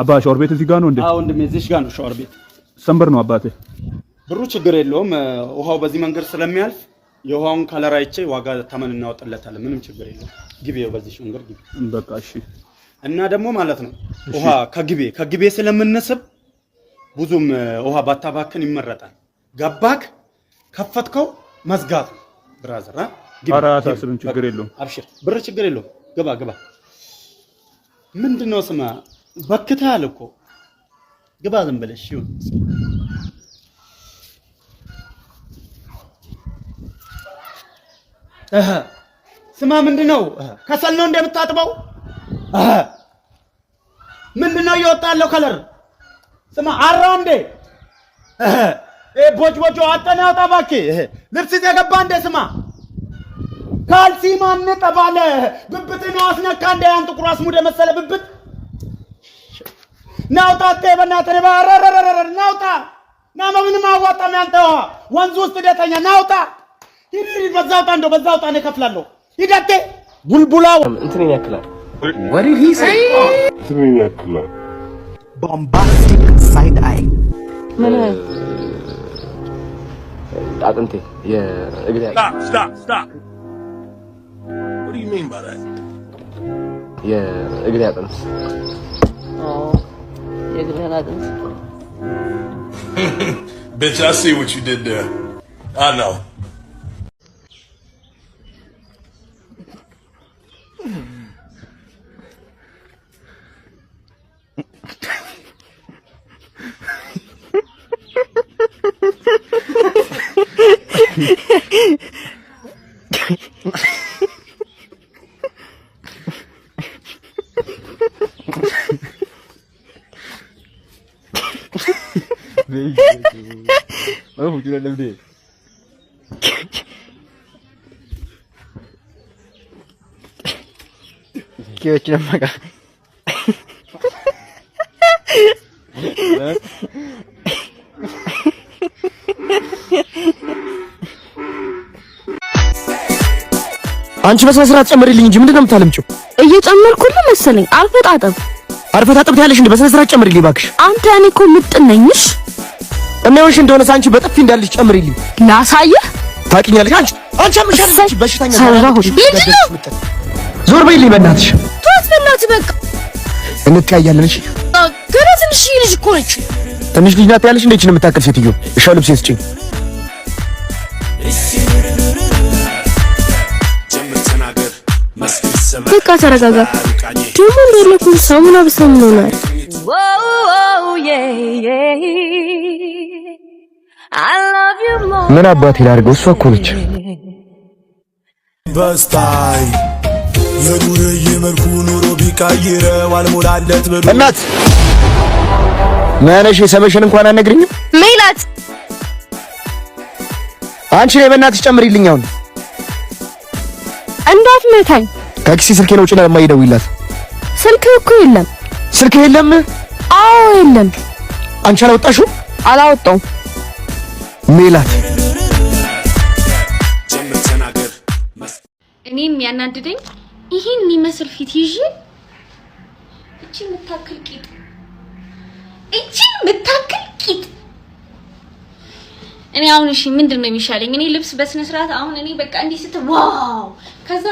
አባ ሻወር ቤት እዚህ ጋር ነው እንዴ? አዎ ወንድሜ፣ እዚህ ጋር ነው ሻወር ቤት። ሰንበር ነው አባቴ። ብሩ ችግር የለውም ውሃው በዚህ መንገድ ስለሚያልፍ የውሃውን ከለር አይቼ ዋጋ ተመን እናወጣለታለን። ምንም ችግር የለውም። ግቤው በዚህ መንገድ ግቤ። በቃ እሺ። እና ደግሞ ማለት ነው ውሃ ከግቤ ከግቤ ስለምንስብ ብዙም ውሃ ባታባክን ይመረጣል። ገባክ? ከፈትከው መዝጋት ነው ብራዘር። ኧረ አታስብም፣ ችግር የለውም። አብሽር ብር፣ ችግር የለውም። ግባ ግባ። ምንድን ነው ስማ መክተሃል እኮ ግባ፣ ዝም ብለሽ ይሁን። እህ ስማ፣ ምንድነው ከሰል ነው እንደምታጥበው? እህ ምንድን ነው ከለር? ስማ፣ አራ እንዴ? እህ እ ቦጭ ቦጭ አጠና አውጣ እባክህ። ልብስ የገባ እንዴ? ስማ፣ ካልሲ ማን ጠባለ? ብብት ነው አስነካ እንደ ያን ጥቁር አስሙድ መሰለ ብብት ናውጣ ጤ በእናትህ ረረረረረ ናውጣ ናማ በምንም አዋጣም። ያንተ ውሃ ወንዙ ውስጥ ደተኛ ናውጣ ሂድ ሂድ፣ በዛ ውጣ፣ እንደው በዛ ውጣ፣ እኔ እከፍላለሁ። ሂድ አጤ ቡልቡላ እንትንን ያክላል ወዲህ እንትንን ያክላል ቦምባስቲክ ሳይድ አይ ምን አጥንቴ የእግሬ የእግሬ አጥንት like this. Bitch, I see what you did there. I know. Bana hucu önemli değil. কি হয়েছিল አንቺ በስነ ስርዓት ጨምሪልኝ እንጂ ምንድነው የምታለምጪው? እየጨመርኩልህ መሰለኝ። አልፈጣጠብ አልፈጣጠብ ትያለሽ እንዴ? በስነ ስርዓት ጨምሪልኝ እባክሽ። አንተ እኔ እኮ ምጥነኝሽ እና ይኸውልሽ እንደሆነ ሳንቺ በጥፊ እንዳልሽ ጨምሪልኝ ላሳየህ። ታውቂኛለሽ አንቺ አንቺ አልመሻለሽ በሽተኛ ዞር በይልኝ በእናትሽ ተወት፣ በእናትህ በቃ እንተያያለን። እሺ ገና ትንሽ ልጅ እኮ ነች። ትንሽ ልጅ ናት ያለሽ እንዴት ነው የምታክል ሴትዮ? እሻው ልብስ ስጪኝ። በቃ ተረጋጋ። ደግሞ እንደለኩ ሳሙና ብሰሙን ሆናል ምን አባቴ ላድርገው? እሷ እኮ ነች። በስታይ የዱርዬ መልኩ ኑሮ ቢቀይረው አልሞላለት ብሎ እናት መነሽ የሰመሽን እንኳን አነግርኝም ሜላት አንቺ ነይ በእናትሽ ጨምሪልኝ። አሁን እንዳትመታኝ ከኪሴ ስልኬን ውጭ ለማይደውይላት ስልክ እኮ የለም ስልክ የለም? አዎ የለም። አንቺ አላወጣሽው? አላወጣው። ሜላት እኔም ያናድደኝ ይህን የሚመስል ፊት ይዤ እቺ የምታክል ቂጥ እቺ የምታክል ቂጥ እኔ አሁን እሺ ምንድን ነው የሚሻለኝ? እኔ ልብስ በስነ ስርዓት አሁን እኔ በቃ እንዲህ ስትል ዋው ከዛ